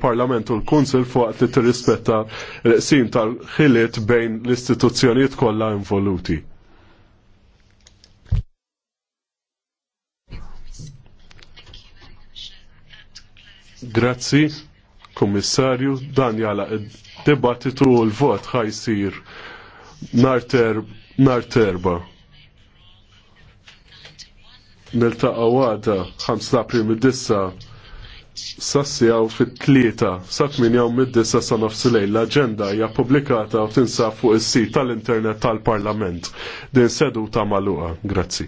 Parlament u l-Kunsil fuq li tirrispetta l-qsim tal-ħiliet bejn l-istituzzjonijiet kollha involuti. Grazzi, Kummissarju, dan jala id-debattitu u l-vot ħajsir nar terba. Nil-taqqa għada 5 april mid-dissa sassjaw fit-tlieta sa tmien jew mid-disa sa nofsilej l agenda hija publikata u tinsab fuq is-sit tal-internet tal-Parlament. Din seduta maluqa. Grazzi.